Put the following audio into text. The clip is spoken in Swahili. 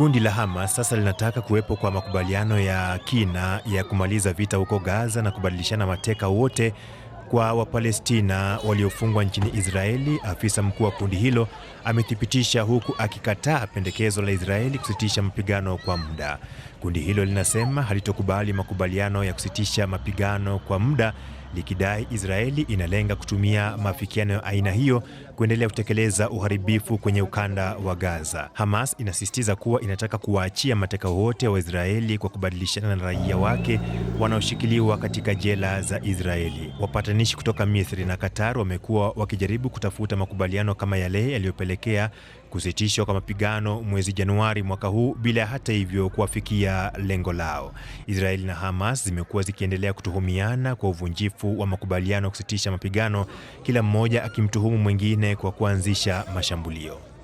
Kundi la Hamas sasa linataka kuwepo kwa makubaliano ya kina ya kumaliza vita huko Gaza na kubadilishana mateka wote kwa Wapalestina waliofungwa nchini Israeli. Afisa mkuu wa kundi hilo amethibitisha, huku akikataa pendekezo la Israeli kusitisha mapigano kwa muda. Kundi hilo linasema halitokubali makubaliano ya kusitisha mapigano kwa muda likidai Israeli inalenga kutumia maafikiano ya aina hiyo kuendelea kutekeleza uharibifu kwenye ukanda wa Gaza. Hamas inasisitiza kuwa inataka kuwaachia mateka wote wa Israeli kwa kubadilishana na raia wake wanaoshikiliwa katika jela za Israeli. Wapatanishi kutoka Misri na Qatar wamekuwa wakijaribu kutafuta makubaliano kama yale yaliyopelekea kusitishwa kwa mapigano mwezi Januari mwaka huu bila hata hivyo kuwafikia lengo lao. Israeli na Hamas zimekuwa zikiendelea kutuhumiana kwa uvunjifu wa makubaliano ya kusitisha mapigano, kila mmoja akimtuhumu mwingine kwa kuanzisha mashambulio.